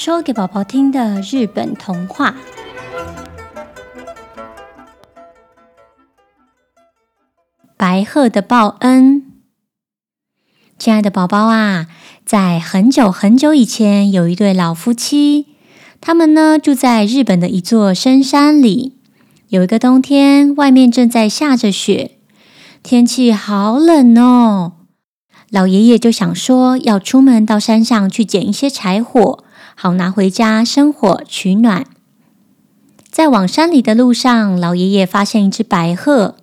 說給寶寶聽的日本童話《白鶴的報恩》。親愛的寶寶啊，在很久很久以前，有一對老夫妻，他們呢住在日本的一座深山裡。有一個冬天，外面正在下着雪，天氣好冷哦。老爺爺就想說要出門到山上去撿一些柴火。好拿回家生火取暖。在往山裡的路上，老爺爺發現一隻白鶴，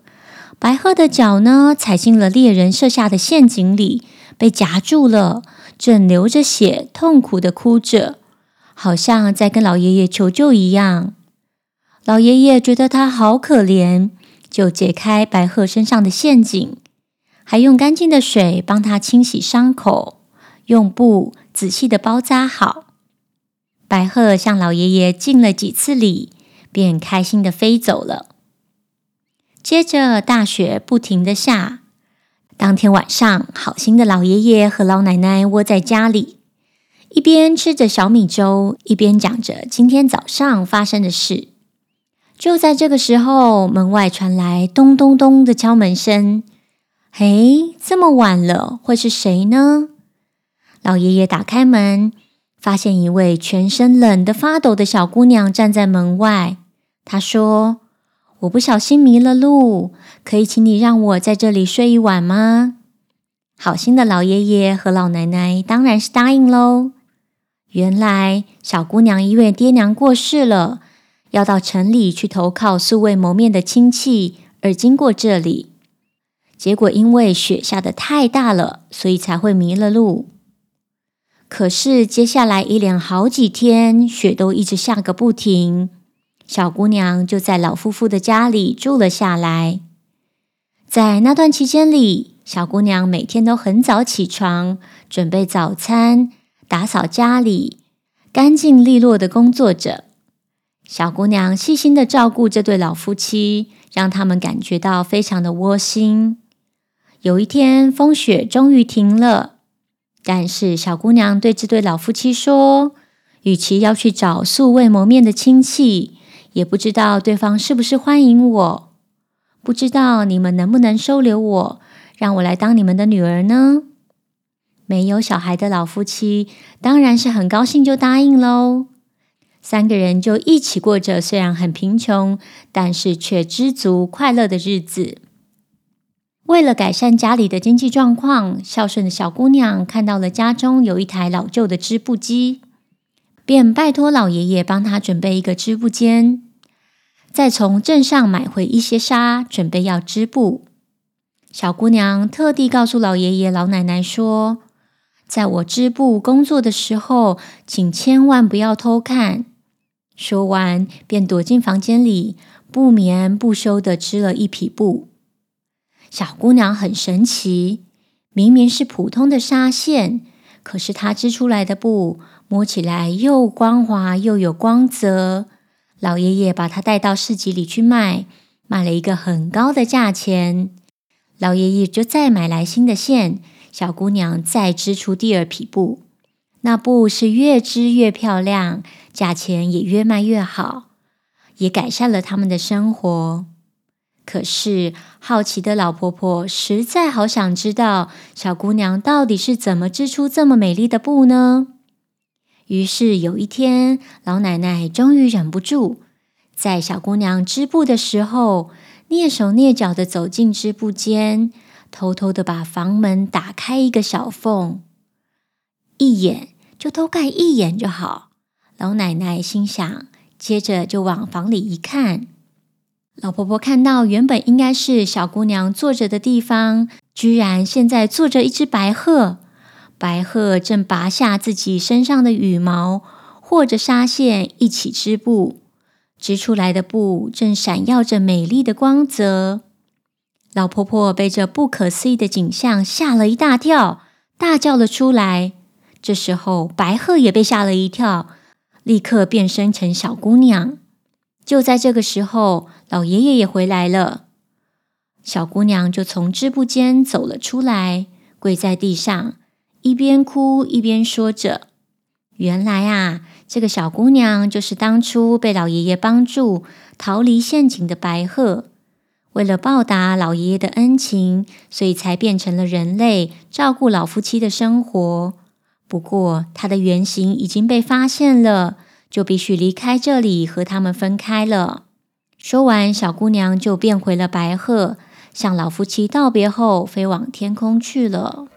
白鶴的腳呢踩進了獵人設下的陷阱裡，被夾住了，正流着血，痛苦的哭着，好像在跟老爺爺求救一樣。老爺爺覺得他好可憐，就解開白鶴身上的陷阱，還用乾淨的水幫他清洗傷口，用布仔細的包扎好。白鶴向老爺爺敬了幾次禮，便開心的飛走了。接着，大雪不停的下。當天晚上，好心的老爺爺和老奶奶窩在家裡，一邊吃着小米粥，一邊講着今天早上發生的事。就在這個時候，門外傳來咚咚咚的敲門聲。嘿，這麼晚了，會是誰呢？老爺爺打開門。發現一位全身冷得發抖的小姑娘站在門外。她說：“我不小心迷了路，可以請你讓我在這裡睡一晚嗎？”好心的老爺爺和老奶奶當然是答應嘍。原來，小姑娘因為爹娘過世了，要到城裡去投靠素未謀面的親戚，而經過這裡。結果因為雪下得太大了，所以才會迷了路。可是接下來一連好幾天，雪都一直下個不停。小姑娘就在老夫婦的家裡住了下來。在那段期間裡，小姑娘每天都很早起床，準備早餐，打掃家裡，乾淨利落的工作着。小姑娘細心的照顧這對老夫妻，讓他們感覺到非常的窩心。有一天，風雪終於停了。但是小姑娘對這對老夫妻說：“與其要去找素未謀面的親戚，也不知道對方是不是歡迎我，不知道你們能不能收留我，讓我來當你們的女兒呢？”沒有小孩的老夫妻當然是很高興，就答應嘍。三個人就一起過着雖然很貧窮，但是卻知足快樂的日子。為了改善家裡的經濟狀況，孝順的小姑娘看到了家中有一台老舊的織布機，便拜託老爺爺幫她準備一個織布間，再從鎮上買回一些紗，準備要織布。小姑娘特地告訴老爺爺、老奶奶說：“在我織布工作的時候，請千萬不要偷看。”說完，便躲進房間裡，不眠不休地織了一匹布。小姑娘很神奇，明明是普通的紗線，可是她織出來的布摸起來又光滑又有光澤。老爺爺把她帶到市集裡去賣，賣了一個很高的價錢。老爺爺就再買來新的線，小姑娘再織出第二匹布。那布是越織越漂亮，價錢也越賣越好，也改善了他們的生活。可是，好奇的老婆婆實在好想知道，小姑娘到底是怎麼織出這麼美麗的布呢？於是，有一天，老奶奶終於忍不住，在小姑娘織布的時候，躡手躡腳的走進織布間，偷偷的把房門打開一個小縫，一眼就偷看一眼就好。老奶奶心想，接着就往房裡一看。老婆婆看到原本應該是小姑娘坐着的地方，居然現在坐着一隻白鶴。白鶴正拔下自己身上的羽毛，和著紗線一起織布，織出來的布正閃耀着美麗的光澤。老婆婆被這不可思議的景象嚇了一大跳，大叫了出來。這時候，白鶴也被嚇了一跳，立刻變身成小姑娘。就在這個時候，老爺爺也回來了。小姑娘就從織布間走了出來，跪在地上，一邊哭一邊說着：“原來啊，這個小姑娘就是當初被老爺爺幫助逃離陷阱的白鶴，為了報答老爺爺的恩情，所以才變成了人類，照顧老夫妻的生活。不過，她的原型已經被發現了。”就必須離開這裡，和他們分開了。說完，小姑娘就變回了白鶴，向老夫妻道別後，飛往天空去了。